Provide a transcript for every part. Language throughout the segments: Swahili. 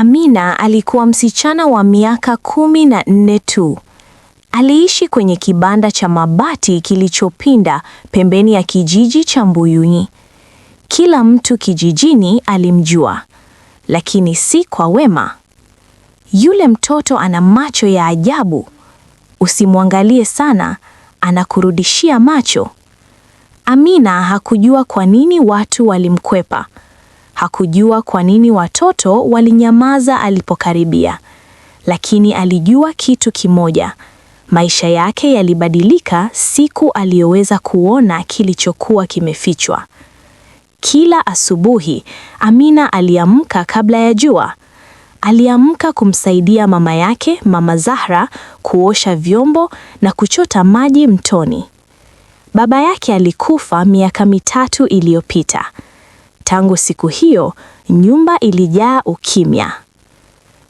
Amina alikuwa msichana wa miaka kumi na nne tu. Aliishi kwenye kibanda cha mabati kilichopinda pembeni ya kijiji cha Mbuyuni. Kila mtu kijijini alimjua, lakini si kwa wema. Yule mtoto ana macho ya ajabu, usimwangalie sana, anakurudishia macho. Amina hakujua kwa nini watu walimkwepa. Hakujua kwa nini watoto walinyamaza alipokaribia, lakini alijua kitu kimoja. Maisha yake yalibadilika siku aliyoweza kuona kilichokuwa kimefichwa. Kila asubuhi Amina aliamka kabla ya jua. Aliamka kumsaidia mama yake, Mama Zahra, kuosha vyombo na kuchota maji mtoni. Baba yake alikufa miaka mitatu iliyopita. Tangu siku hiyo nyumba ilijaa ukimya.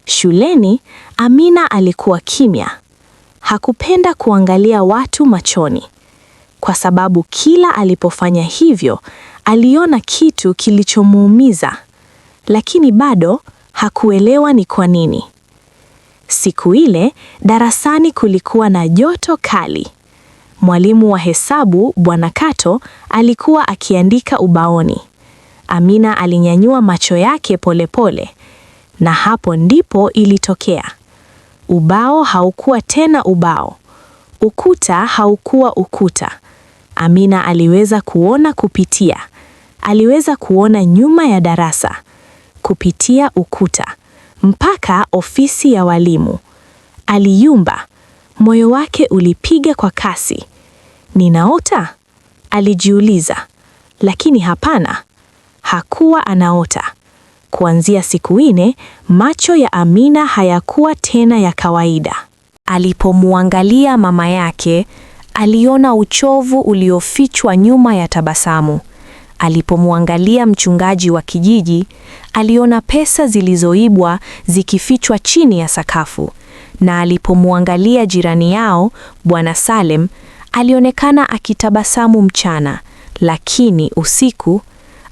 Shuleni Amina alikuwa kimya. Hakupenda kuangalia watu machoni, kwa sababu kila alipofanya hivyo aliona kitu kilichomuumiza, lakini bado hakuelewa ni kwa nini. Siku ile darasani kulikuwa na joto kali. Mwalimu wa hesabu Bwana Kato alikuwa akiandika ubaoni. Amina alinyanyua macho yake polepole pole, na hapo ndipo ilitokea. Ubao haukuwa tena ubao, ukuta haukuwa ukuta. Amina aliweza kuona kupitia, aliweza kuona nyuma ya darasa, kupitia ukuta mpaka ofisi ya walimu. Aliyumba, moyo wake ulipiga kwa kasi. Ninaota? Alijiuliza, lakini hapana, hakuwa anaota. Kuanzia siku ine, macho ya Amina hayakuwa tena ya kawaida. Alipomwangalia mama yake, aliona uchovu uliofichwa nyuma ya tabasamu. Alipomwangalia mchungaji wa kijiji, aliona pesa zilizoibwa zikifichwa chini ya sakafu. Na alipomwangalia jirani yao, Bwana Salem, alionekana akitabasamu mchana, lakini usiku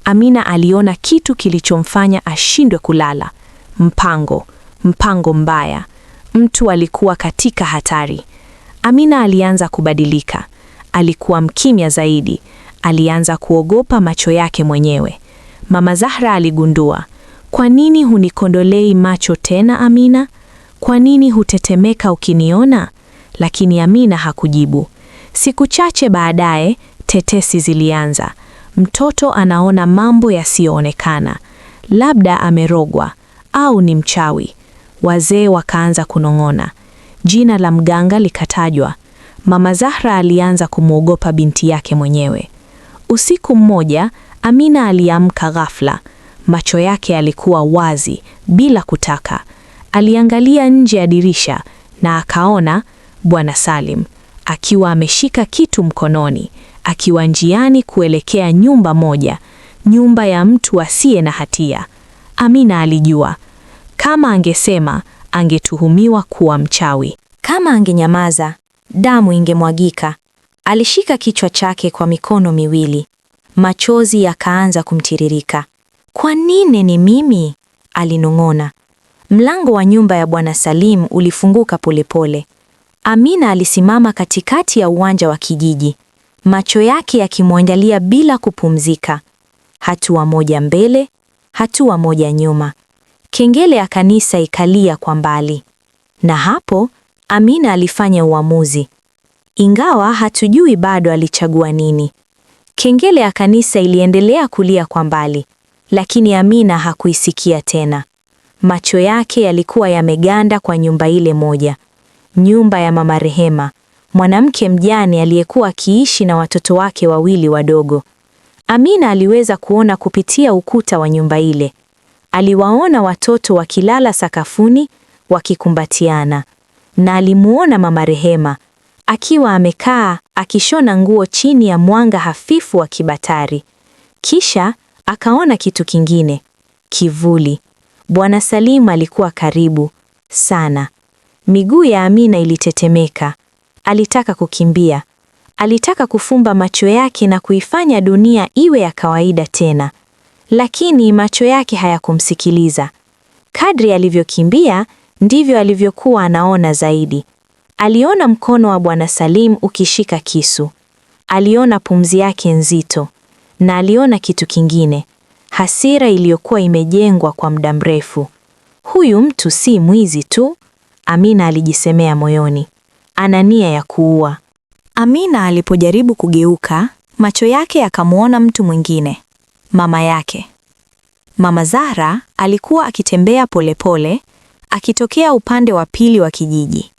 Amina aliona kitu kilichomfanya ashindwe kulala. Mpango, mpango mbaya. Mtu alikuwa katika hatari. Amina alianza kubadilika. Alikuwa mkimya zaidi. Alianza kuogopa macho yake mwenyewe. Mama Zahra aligundua, kwa nini hunikondolei macho tena Amina? Kwa nini hutetemeka ukiniona? Lakini Amina hakujibu. Siku chache baadaye, tetesi zilianza. Mtoto anaona mambo yasiyoonekana, labda amerogwa au ni mchawi. Wazee wakaanza kunong'ona, jina la mganga likatajwa. Mama Zahra alianza kumwogopa binti yake mwenyewe. Usiku mmoja, Amina aliamka ghafla. Macho yake yalikuwa wazi bila kutaka. Aliangalia nje ya dirisha na akaona Bwana Salim akiwa ameshika kitu mkononi akiwa njiani kuelekea nyumba moja, nyumba ya mtu asiye na hatia. Amina alijua kama angesema angetuhumiwa kuwa mchawi. Kama angenyamaza, damu ingemwagika. Alishika kichwa chake kwa mikono miwili, machozi yakaanza kumtiririka. Kwa nini ni mimi? alinong'ona. Mlango wa nyumba ya Bwana Salim ulifunguka polepole. Amina alisimama katikati ya uwanja wa kijiji macho yake yakimwangalia bila kupumzika, hatua moja mbele, hatua moja nyuma. Kengele ya kanisa ikalia kwa mbali, na hapo Amina alifanya uamuzi, ingawa hatujui bado alichagua nini. Kengele ya kanisa iliendelea kulia kwa mbali, lakini Amina hakuisikia tena. Macho yake yalikuwa yameganda kwa nyumba ile moja, nyumba ya mama Rehema, mwanamke mjane aliyekuwa akiishi na watoto wake wawili wadogo. Amina aliweza kuona kupitia ukuta wa nyumba ile. Aliwaona watoto wakilala sakafuni wakikumbatiana, na alimuona Mama Rehema akiwa amekaa akishona nguo chini ya mwanga hafifu wa kibatari. Kisha akaona kitu kingine, kivuli. Bwana Salim alikuwa karibu sana. Miguu ya Amina ilitetemeka. Alitaka kukimbia, alitaka kufumba macho yake na kuifanya dunia iwe ya kawaida tena, lakini macho yake hayakumsikiliza. Kadri alivyokimbia ndivyo alivyokuwa anaona zaidi. Aliona mkono wa Bwana Salim ukishika kisu, aliona pumzi yake nzito, na aliona kitu kingine, hasira iliyokuwa imejengwa kwa muda mrefu. Huyu mtu si mwizi tu, Amina alijisemea moyoni ana nia ya kuua. Amina alipojaribu kugeuka, macho yake yakamwona mtu mwingine, mama yake. Mama Zahra alikuwa akitembea polepole pole, akitokea upande wa pili wa kijiji.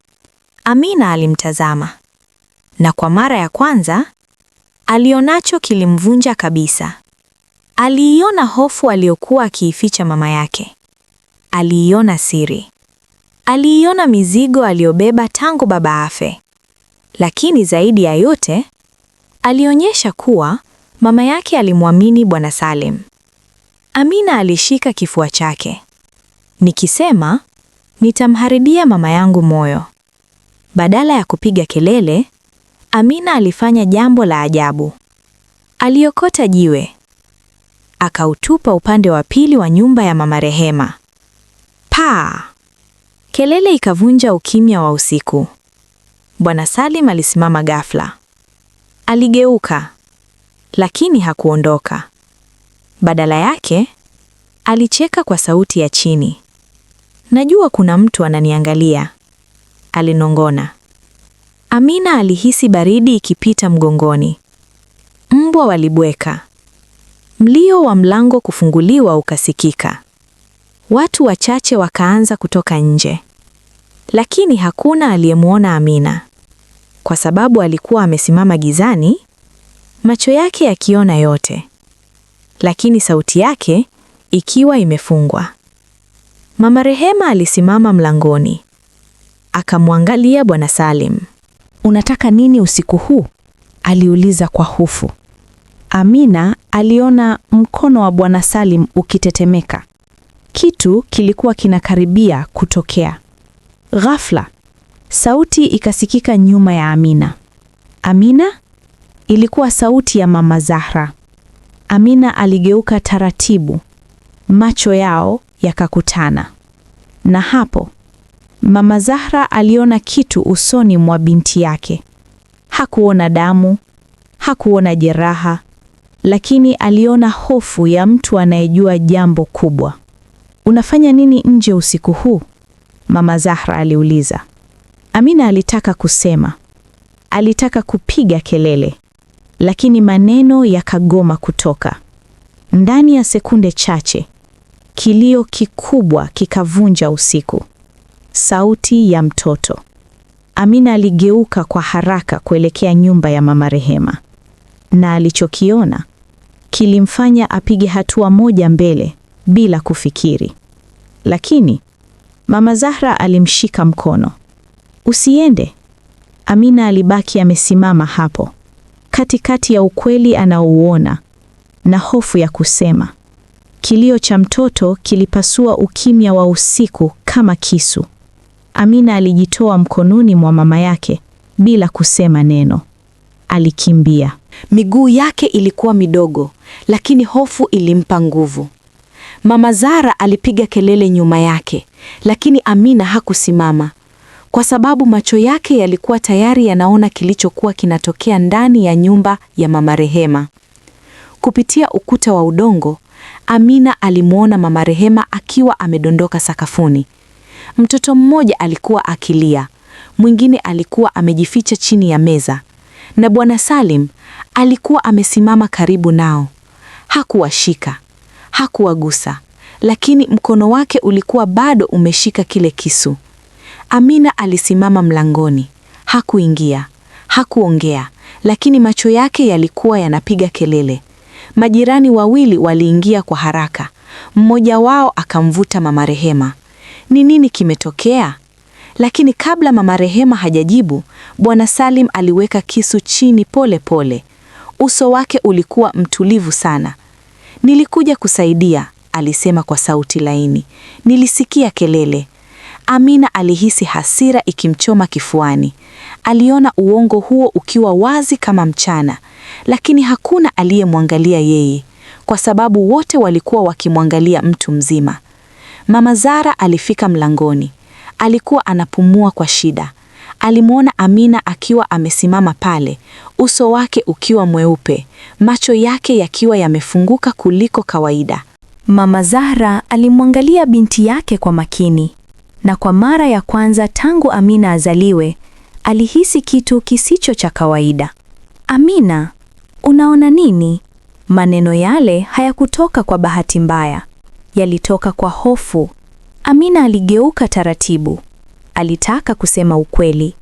Amina alimtazama na kwa mara ya kwanza alionacho kilimvunja kabisa. Aliiona hofu aliyokuwa akiificha mama yake, aliiona siri aliiona mizigo aliyobeba tangu baba afe. Lakini zaidi ya yote, alionyesha kuwa mama yake alimwamini Bwana Salim. Amina alishika kifua chake. Nikisema nitamharidia mama yangu moyo. Badala ya kupiga kelele, Amina alifanya jambo la ajabu. Aliokota jiwe akautupa upande wa pili wa nyumba ya mama Rehema. Paa! Kelele ikavunja ukimya wa usiku. Bwana Salim alisimama ghafla, aligeuka, lakini hakuondoka. Badala yake alicheka kwa sauti ya chini. Najua kuna mtu ananiangalia, alinongona. Amina alihisi baridi ikipita mgongoni. Mbwa walibweka. Mlio wa mlango kufunguliwa ukasikika watu wachache wakaanza kutoka nje, lakini hakuna aliyemwona Amina kwa sababu alikuwa amesimama gizani, macho yake yakiona yote, lakini sauti yake ikiwa imefungwa. Mama Rehema alisimama mlangoni akamwangalia Bwana Salim. Unataka nini usiku huu? aliuliza kwa hofu. Amina aliona mkono wa Bwana Salim ukitetemeka. Kitu kilikuwa kinakaribia kutokea. Ghafla sauti ikasikika nyuma ya Amina. Amina? Ilikuwa sauti ya Mama Zahra. Amina aligeuka taratibu, macho yao yakakutana, na hapo Mama Zahra aliona kitu usoni mwa binti yake. Hakuona damu, hakuona jeraha, lakini aliona hofu ya mtu anayejua jambo kubwa. Unafanya nini nje usiku huu? Mama Zahra aliuliza. Amina alitaka kusema. Alitaka kupiga kelele, lakini maneno yakagoma kutoka. Ndani ya sekunde chache, kilio kikubwa kikavunja usiku. Sauti ya mtoto. Amina aligeuka kwa haraka kuelekea nyumba ya Mama Rehema. Na alichokiona kilimfanya apige hatua moja mbele bila kufikiri. Lakini Mama Zahra alimshika mkono. Usiende. Amina alibaki amesimama hapo, katikati ya ukweli anaouona na hofu ya kusema. Kilio cha mtoto kilipasua ukimya wa usiku kama kisu. Amina alijitoa mkononi mwa mama yake bila kusema neno. Alikimbia. Miguu yake ilikuwa midogo, lakini hofu ilimpa nguvu. Mama Zara alipiga kelele nyuma yake, lakini Amina hakusimama kwa sababu macho yake yalikuwa tayari yanaona kilichokuwa kinatokea ndani ya nyumba ya Mama Rehema. Kupitia ukuta wa udongo, Amina alimwona Mama Rehema akiwa amedondoka sakafuni. Mtoto mmoja alikuwa akilia, mwingine alikuwa amejificha chini ya meza, na Bwana Salim alikuwa amesimama karibu nao. Hakuwashika, hakuwagusa, lakini mkono wake ulikuwa bado umeshika kile kisu. Amina alisimama mlangoni, hakuingia, hakuongea, lakini macho yake yalikuwa yanapiga kelele. Majirani wawili waliingia kwa haraka, mmoja wao akamvuta Mama Rehema. Ni nini kimetokea? Lakini kabla Mama Rehema hajajibu, Bwana Salim aliweka kisu chini pole pole. Uso wake ulikuwa mtulivu sana. Nilikuja kusaidia, alisema kwa sauti laini. Nilisikia kelele. Amina alihisi hasira ikimchoma kifuani. Aliona uongo huo ukiwa wazi kama mchana, lakini hakuna aliyemwangalia yeye kwa sababu wote walikuwa wakimwangalia mtu mzima. Mama Zara alifika mlangoni. Alikuwa anapumua kwa shida alimwona Amina akiwa amesimama pale, uso wake ukiwa mweupe, macho yake yakiwa yamefunguka kuliko kawaida. Mama Zahra alimwangalia binti yake kwa makini, na kwa mara ya kwanza tangu Amina azaliwe, alihisi kitu kisicho cha kawaida. Amina, unaona nini? Maneno yale hayakutoka kwa bahati mbaya, yalitoka kwa hofu. Amina aligeuka taratibu, Alitaka kusema ukweli,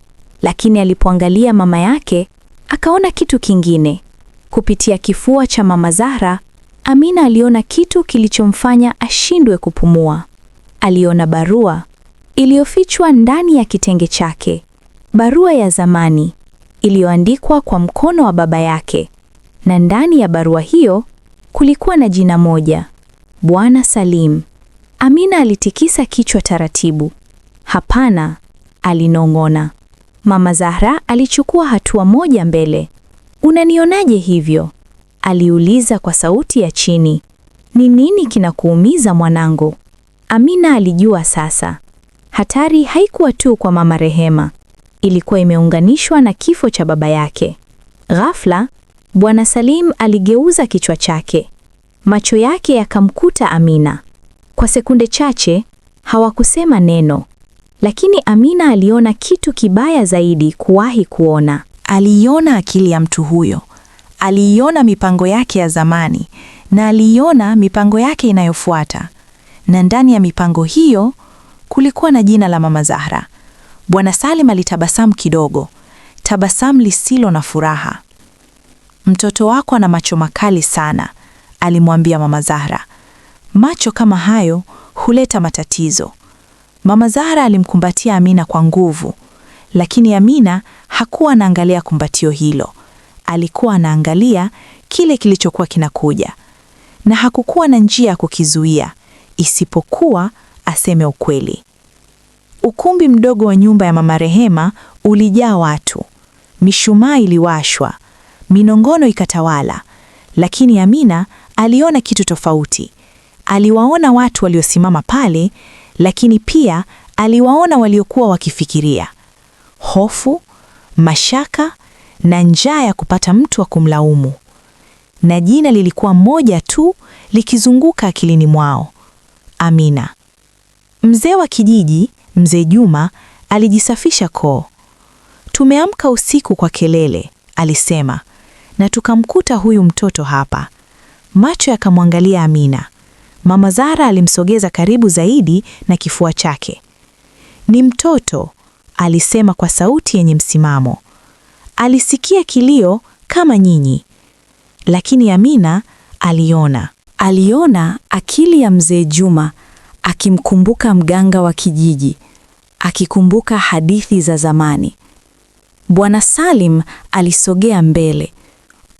lakini alipoangalia mama yake akaona kitu kingine. Kupitia kifua cha mama Zahra, Amina aliona kitu kilichomfanya ashindwe kupumua. Aliona barua iliyofichwa ndani ya kitenge chake, barua ya zamani iliyoandikwa kwa mkono wa baba yake, na ndani ya barua hiyo kulikuwa na jina moja, Bwana Salim. Amina alitikisa kichwa taratibu. Hapana, alinong'ona. Mama Zahra alichukua hatua moja mbele. Unanionaje hivyo? aliuliza kwa sauti ya chini. Ni nini kinakuumiza mwanangu? Amina alijua sasa. Hatari haikuwa tu kwa mama Rehema, ilikuwa imeunganishwa na kifo cha baba yake. Ghafla, Bwana Salim aligeuza kichwa chake. Macho yake yakamkuta Amina. Kwa sekunde chache hawakusema neno, lakini Amina aliona kitu kibaya zaidi kuwahi kuona. Aliiona akili ya mtu huyo, aliiona mipango yake ya zamani, na aliiona mipango yake inayofuata. Na ndani ya mipango hiyo kulikuwa na jina la Mama Zahra. Bwana Salim alitabasamu kidogo, tabasamu lisilo na furaha. Mtoto wako ana macho makali sana, alimwambia Mama Zahra. Macho kama hayo huleta matatizo. Mama Zahra alimkumbatia Amina kwa nguvu, lakini Amina hakuwa anaangalia kumbatio hilo. Alikuwa anaangalia kile kilichokuwa kinakuja, na hakukuwa na njia ya kukizuia isipokuwa aseme ukweli. Ukumbi mdogo wa nyumba ya mama Rehema ulijaa watu, mishumaa iliwashwa, minongono ikatawala, lakini Amina aliona kitu tofauti. Aliwaona watu waliosimama pale lakini pia aliwaona waliokuwa wakifikiria hofu, mashaka na njaa ya kupata mtu wa kumlaumu, na jina lilikuwa moja tu likizunguka akilini mwao: Amina. Mzee wa kijiji, mzee Juma, alijisafisha koo. Tumeamka usiku kwa kelele, alisema, na tukamkuta huyu mtoto hapa. Macho yakamwangalia Amina. Mama Zara alimsogeza karibu zaidi na kifua chake. Ni mtoto, alisema kwa sauti yenye msimamo. Alisikia kilio kama nyinyi. Lakini Amina aliona. Aliona akili ya mzee Juma akimkumbuka mganga wa kijiji, akikumbuka hadithi za zamani. Bwana Salim alisogea mbele.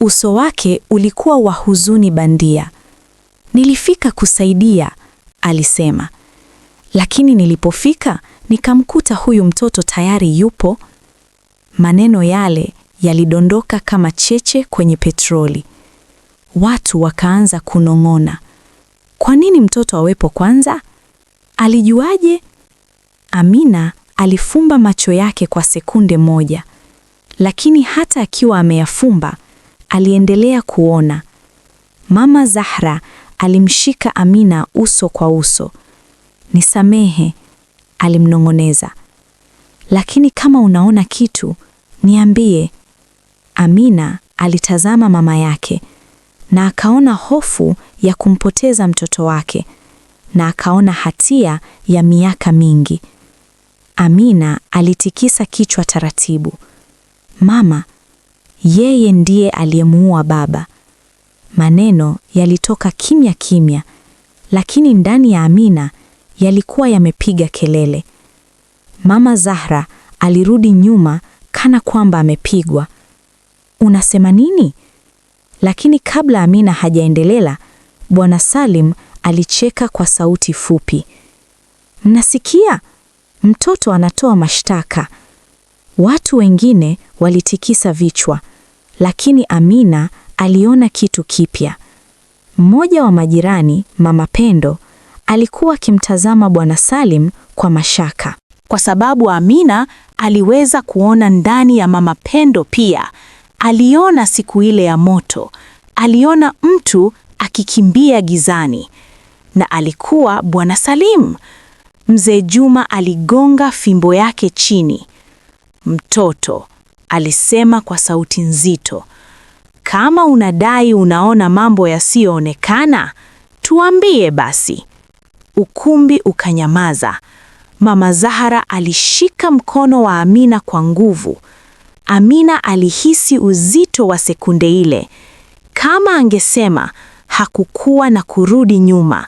Uso wake ulikuwa wa huzuni bandia. Nilifika kusaidia, alisema, lakini nilipofika nikamkuta huyu mtoto tayari yupo. Maneno yale yalidondoka kama cheche kwenye petroli. Watu wakaanza kunong'ona, kwa nini mtoto awepo kwanza? Alijuaje? Amina alifumba macho yake kwa sekunde moja, lakini hata akiwa ameyafumba aliendelea kuona. Mama Zahra Alimshika Amina uso kwa uso. Nisamehe, alimnong'oneza, lakini kama unaona kitu niambie. Amina alitazama mama yake na akaona hofu ya kumpoteza mtoto wake na akaona hatia ya miaka mingi. Amina alitikisa kichwa taratibu. Mama, yeye ndiye aliyemuua baba. Maneno yalitoka kimya kimya, lakini ndani ya Amina yalikuwa yamepiga kelele. Mama Zahra alirudi nyuma kana kwamba amepigwa. Unasema nini? Lakini kabla Amina hajaendelea, Bwana Salim alicheka kwa sauti fupi. Mnasikia? Mtoto anatoa mashtaka. Watu wengine walitikisa vichwa, lakini Amina aliona kitu kipya. Mmoja wa majirani, Mama Pendo, alikuwa akimtazama Bwana Salim kwa mashaka, kwa sababu Amina aliweza kuona ndani ya Mama Pendo pia. Aliona siku ile ya moto, aliona mtu akikimbia gizani, na alikuwa Bwana Salim. Mzee Juma aligonga fimbo yake chini. Mtoto, alisema kwa sauti nzito. Kama unadai unaona mambo yasiyoonekana, tuambie basi. Ukumbi ukanyamaza. Mama zahara alishika mkono wa Amina kwa nguvu. Amina alihisi uzito wa sekunde ile. Kama angesema, hakukuwa na kurudi nyuma.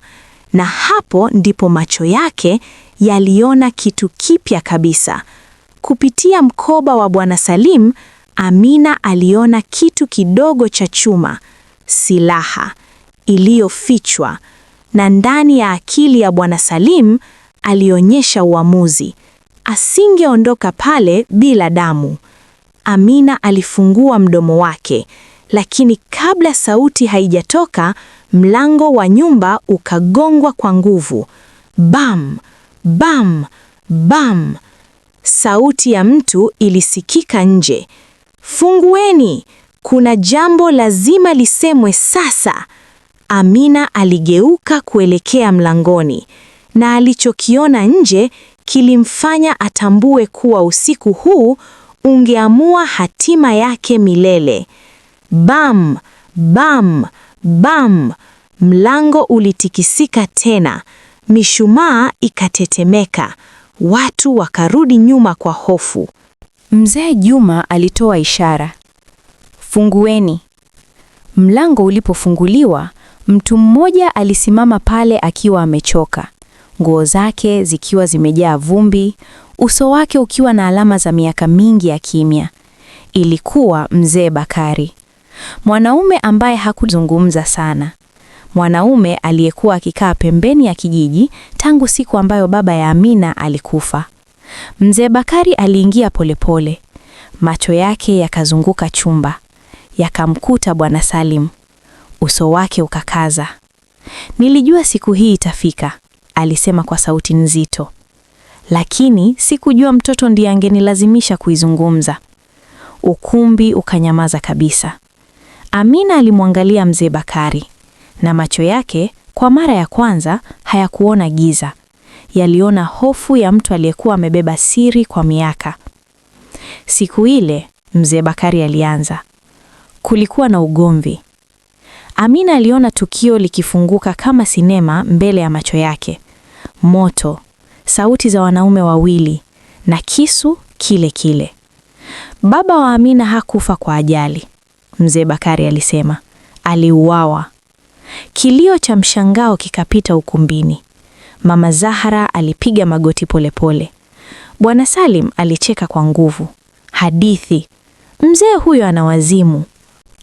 Na hapo ndipo macho yake yaliona kitu kipya kabisa. Kupitia mkoba wa Bwana Salim Amina aliona kitu kidogo cha chuma, silaha iliyofichwa, na ndani ya akili ya Bwana Salim alionyesha uamuzi. Asingeondoka pale bila damu. Amina alifungua mdomo wake, lakini kabla sauti haijatoka, mlango wa nyumba ukagongwa kwa nguvu. Bam, bam, bam. Sauti ya mtu ilisikika nje. Fungueni, kuna jambo lazima lisemwe sasa. Amina aligeuka kuelekea mlangoni na alichokiona nje kilimfanya atambue kuwa usiku huu ungeamua hatima yake milele. Bam, bam, bam! Mlango ulitikisika tena, mishumaa ikatetemeka, watu wakarudi nyuma kwa hofu. Mzee Juma alitoa ishara, fungueni. Mlango ulipofunguliwa, mtu mmoja alisimama pale akiwa amechoka, nguo zake zikiwa zimejaa vumbi, uso wake ukiwa na alama za miaka mingi ya kimya. Ilikuwa mzee Bakari, mwanaume ambaye hakuzungumza sana, mwanaume aliyekuwa akikaa pembeni ya kijiji tangu siku ambayo baba ya Amina alikufa. Mzee Bakari aliingia polepole, macho yake yakazunguka chumba, yakamkuta Bwana Salim. Uso wake ukakaza. Nilijua siku hii itafika, alisema kwa sauti nzito, lakini sikujua mtoto ndiye angenilazimisha kuizungumza. Ukumbi ukanyamaza kabisa. Amina alimwangalia mzee Bakari na macho yake kwa mara ya kwanza hayakuona giza, yaliona hofu ya mtu aliyekuwa amebeba siri kwa miaka. Siku ile mzee Bakari alianza. Kulikuwa na ugomvi. Amina aliona tukio likifunguka kama sinema mbele ya macho yake: moto, sauti za wanaume wawili na kisu kile kile. Baba wa Amina hakufa kwa ajali, mzee Bakari alisema, aliuawa. Kilio cha mshangao kikapita ukumbini. Mama Zahara alipiga magoti polepole pole. Bwana Salim alicheka kwa nguvu. Hadithi, mzee huyo ana wazimu.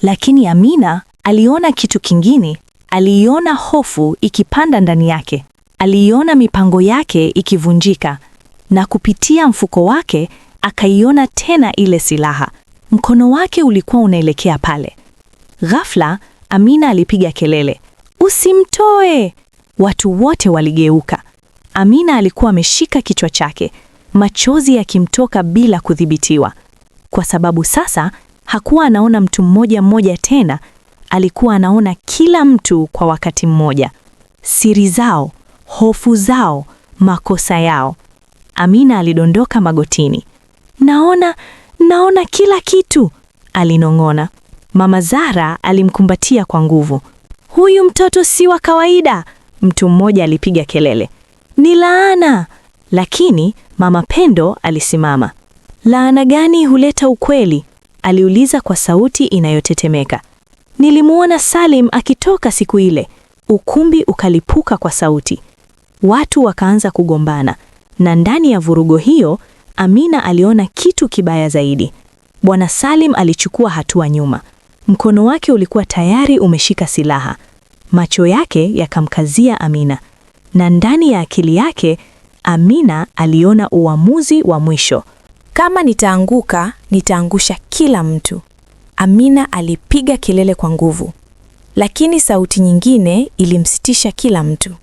Lakini Amina aliona kitu kingine. Aliona hofu ikipanda ndani yake, aliona mipango yake ikivunjika, na kupitia mfuko wake akaiona tena ile silaha. Mkono wake ulikuwa unaelekea pale. Ghafla Amina alipiga kelele, usimtoe! Watu wote waligeuka. Amina alikuwa ameshika kichwa chake, machozi yakimtoka bila kudhibitiwa, kwa sababu sasa hakuwa anaona mtu mmoja mmoja tena, alikuwa anaona kila mtu kwa wakati mmoja, siri zao, hofu zao, makosa yao. Amina alidondoka magotini. Naona, naona kila kitu, alinong'ona. Mama Zara alimkumbatia kwa nguvu. Huyu mtoto si wa kawaida. Mtu mmoja alipiga kelele, ni laana! Lakini mama Pendo alisimama. Laana gani huleta ukweli? aliuliza kwa sauti inayotetemeka. Nilimwona Salim akitoka siku ile. Ukumbi ukalipuka kwa sauti, watu wakaanza kugombana, na ndani ya vurugo hiyo Amina aliona kitu kibaya zaidi. Bwana Salim alichukua hatua nyuma, mkono wake ulikuwa tayari umeshika silaha. Macho yake yakamkazia Amina, na ndani ya akili yake Amina aliona uamuzi wa mwisho. Kama nitaanguka, nitaangusha kila mtu. Amina alipiga kelele kwa nguvu, lakini sauti nyingine ilimsitisha kila mtu.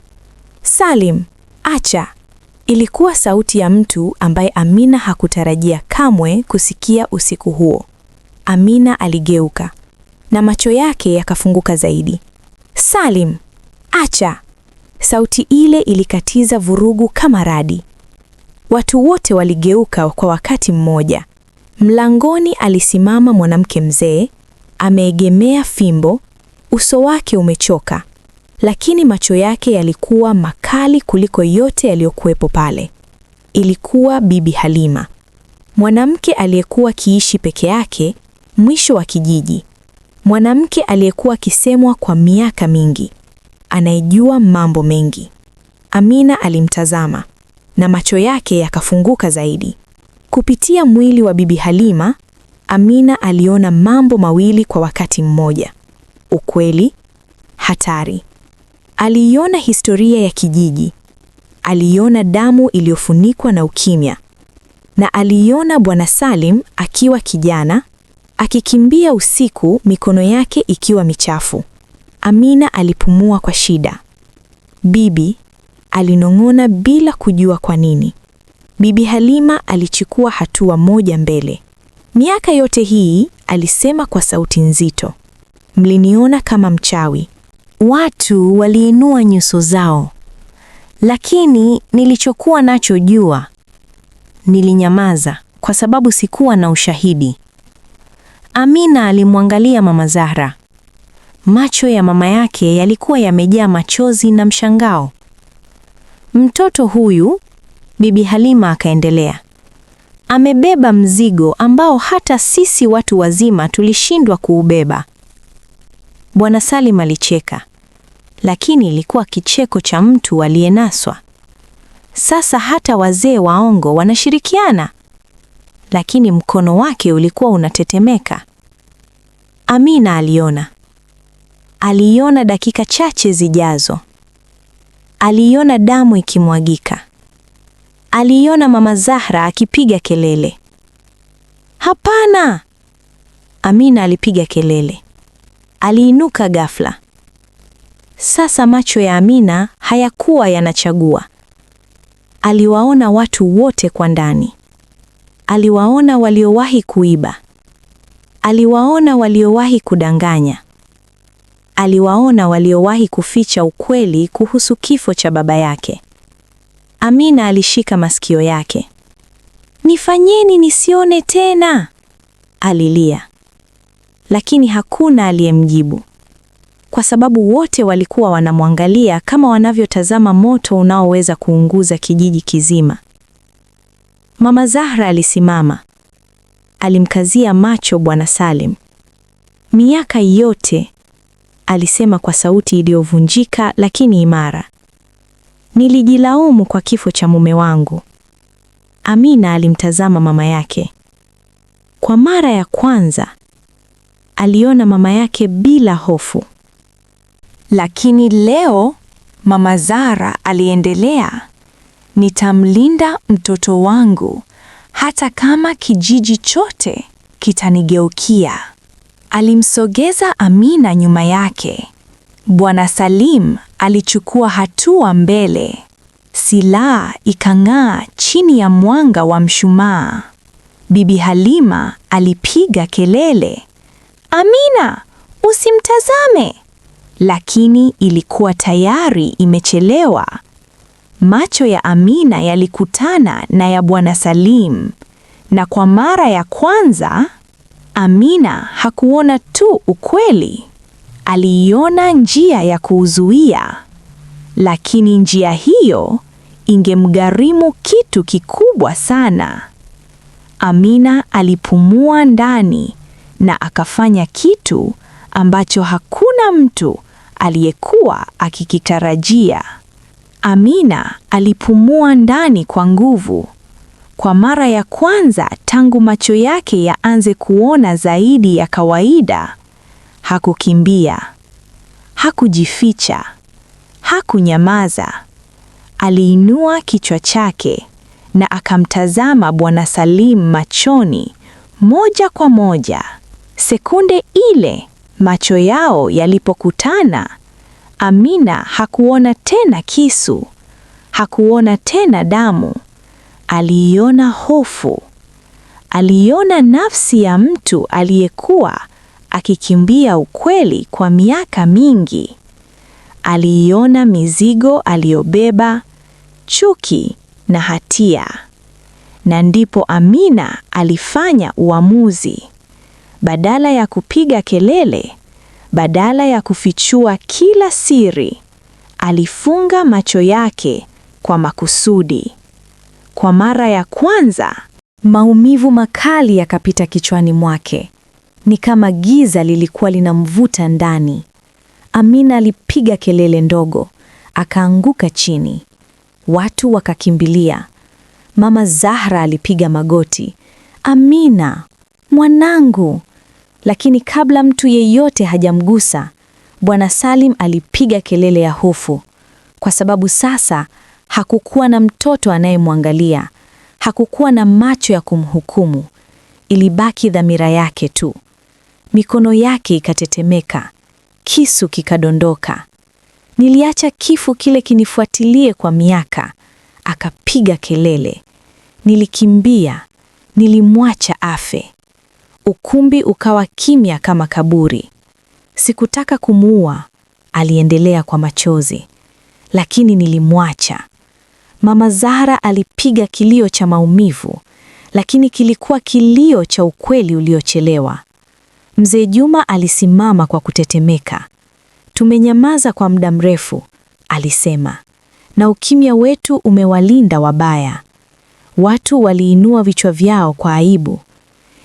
Salim, acha. Ilikuwa sauti ya mtu ambaye Amina hakutarajia kamwe kusikia usiku huo. Amina aligeuka na macho yake yakafunguka zaidi. Salim, acha! Sauti ile ilikatiza vurugu kama radi. Watu wote waligeuka kwa wakati mmoja. Mlangoni alisimama mwanamke mzee, ameegemea fimbo, uso wake umechoka, lakini macho yake yalikuwa makali kuliko yote yaliyokuwepo pale. Ilikuwa Bibi Halima, mwanamke aliyekuwa kiishi peke yake mwisho wa kijiji mwanamke aliyekuwa akisemwa kwa miaka mingi, anayejua mambo mengi. Amina alimtazama na macho yake yakafunguka zaidi. Kupitia mwili wa Bibi Halima, Amina aliona mambo mawili kwa wakati mmoja: ukweli, hatari. Aliiona historia ya kijiji, aliiona damu iliyofunikwa na ukimya, na aliiona Bwana Salim akiwa kijana akikimbia usiku, mikono yake ikiwa michafu. Amina alipumua kwa shida. Bibi, alinong'ona bila kujua kwa nini. Bibi Halima alichukua hatua moja mbele. Miaka yote hii, alisema kwa sauti nzito, mliniona kama mchawi. Watu waliinua nyuso zao, lakini nilichokuwa nacho jua, nilinyamaza kwa sababu sikuwa na ushahidi. Amina alimwangalia Mama Zahra. Macho ya mama yake yalikuwa yamejaa machozi na mshangao. Mtoto huyu, Bibi Halima akaendelea, amebeba mzigo ambao hata sisi watu wazima tulishindwa kuubeba. Bwana Salim alicheka, lakini ilikuwa kicheko cha mtu aliyenaswa. Sasa hata wazee waongo wanashirikiana lakini mkono wake ulikuwa unatetemeka. Amina aliona, aliiona dakika chache zijazo, aliiona damu ikimwagika, aliiona mama Zahra akipiga kelele, hapana! Amina alipiga kelele, aliinuka ghafla. Sasa macho ya Amina hayakuwa yanachagua, aliwaona watu wote kwa ndani. Aliwaona waliowahi kuiba, aliwaona waliowahi kudanganya, aliwaona waliowahi kuficha ukweli kuhusu kifo cha baba yake. Amina alishika masikio yake. Nifanyeni nisione tena, alilia, lakini hakuna aliyemjibu kwa sababu wote walikuwa wanamwangalia kama wanavyotazama moto unaoweza kuunguza kijiji kizima. Mama Zahra alisimama, alimkazia macho Bwana Salim. Miaka yote, alisema kwa sauti iliyovunjika lakini imara, nilijilaumu kwa kifo cha mume wangu. Amina alimtazama mama yake. Kwa mara ya kwanza aliona mama yake bila hofu. Lakini leo, Mama Zahra aliendelea Nitamlinda mtoto wangu hata kama kijiji chote kitanigeukia. Alimsogeza Amina nyuma yake. Bwana Salim alichukua hatua mbele. Silaha ikang'aa chini ya mwanga wa mshumaa. Bibi Halima alipiga kelele, Amina, usimtazame! Lakini ilikuwa tayari imechelewa. Macho ya Amina yalikutana na ya Bwana Salim, na kwa mara ya kwanza Amina hakuona tu ukweli, aliiona njia ya kuuzuia, lakini njia hiyo ingemgharimu kitu kikubwa sana. Amina alipumua ndani na akafanya kitu ambacho hakuna mtu aliyekuwa akikitarajia. Amina alipumua ndani kwa nguvu. Kwa mara ya kwanza tangu macho yake yaanze kuona zaidi ya kawaida, hakukimbia, hakujificha, hakunyamaza. Aliinua kichwa chake na akamtazama Bwana Salim machoni moja kwa moja. Sekunde ile macho yao yalipokutana, Amina hakuona tena kisu, hakuona tena damu. Aliiona hofu, aliiona nafsi ya mtu aliyekuwa akikimbia ukweli kwa miaka mingi. Aliiona mizigo aliyobeba, chuki na hatia. Na ndipo Amina alifanya uamuzi. Badala ya kupiga kelele, badala ya kufichua kila siri, alifunga macho yake kwa makusudi. Kwa mara ya kwanza, maumivu makali yakapita kichwani mwake. Ni kama giza lilikuwa linamvuta ndani. Amina alipiga kelele ndogo, akaanguka chini. Watu wakakimbilia. Mama Zahra alipiga magoti. Amina, mwanangu, lakini kabla mtu yeyote hajamgusa, Bwana Salim alipiga kelele ya hofu, kwa sababu sasa hakukuwa na mtoto anayemwangalia, hakukuwa na macho ya kumhukumu. Ilibaki dhamira yake tu. Mikono yake ikatetemeka, kisu kikadondoka. Niliacha kifo kile kinifuatilie kwa miaka, akapiga kelele. Nilikimbia, nilimwacha afe. Ukumbi ukawa kimya kama kaburi. Sikutaka kumuua, aliendelea kwa machozi, lakini nilimwacha. Mama Zahra alipiga kilio cha maumivu, lakini kilikuwa kilio cha ukweli uliochelewa. Mzee Juma alisimama kwa kutetemeka. Tumenyamaza kwa muda mrefu, alisema, na ukimya wetu umewalinda wabaya. Watu waliinua vichwa vyao kwa aibu.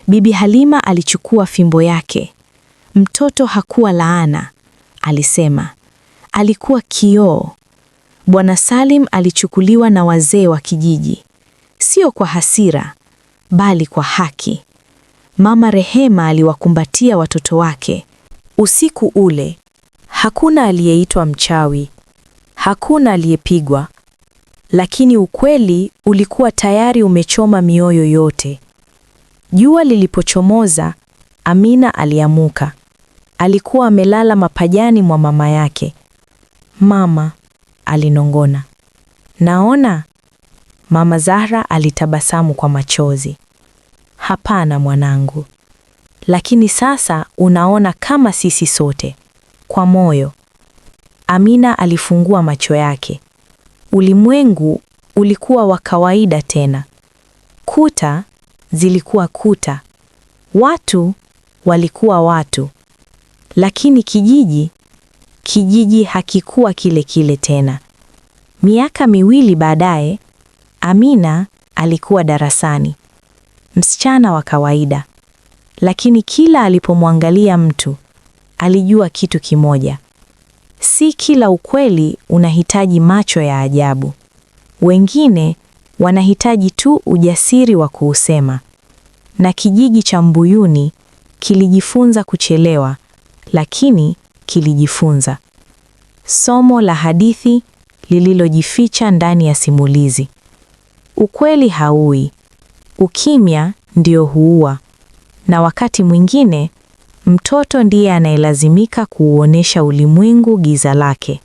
Bibi Halima alichukua fimbo yake. Mtoto hakuwa laana, alisema, alikuwa kioo. Bwana Salim alichukuliwa na wazee wa kijiji, sio kwa hasira, bali kwa haki. Mama Rehema aliwakumbatia watoto wake. Usiku ule hakuna aliyeitwa mchawi, hakuna aliyepigwa, lakini ukweli ulikuwa tayari umechoma mioyo yote. Jua lilipochomoza, Amina aliamuka. Alikuwa amelala mapajani mwa mama yake. Mama, alinong'ona. Naona? Mama Zahra alitabasamu kwa machozi. Hapana mwanangu. Lakini sasa unaona kama sisi sote. Kwa moyo. Amina alifungua macho yake. Ulimwengu ulikuwa wa kawaida tena. Kuta zilikuwa kuta, watu walikuwa watu, lakini kijiji kijiji hakikuwa kile kile tena. Miaka miwili baadaye, Amina alikuwa darasani, msichana wa kawaida, lakini kila alipomwangalia mtu alijua kitu kimoja: si kila ukweli unahitaji macho ya ajabu. Wengine wanahitaji tu ujasiri wa kuusema. Na kijiji cha Mbuyuni kilijifunza kuchelewa, lakini kilijifunza somo la hadithi lililojificha ndani ya simulizi. Ukweli haui, ukimya ndio huua, na wakati mwingine mtoto ndiye anayelazimika kuuonesha ulimwengu giza lake.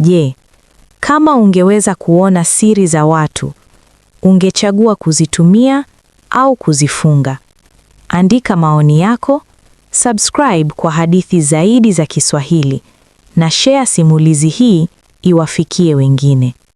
Je, kama ungeweza kuona siri za watu, Ungechagua kuzitumia au kuzifunga? Andika maoni yako, subscribe kwa hadithi zaidi za Kiswahili na share simulizi hii iwafikie wengine.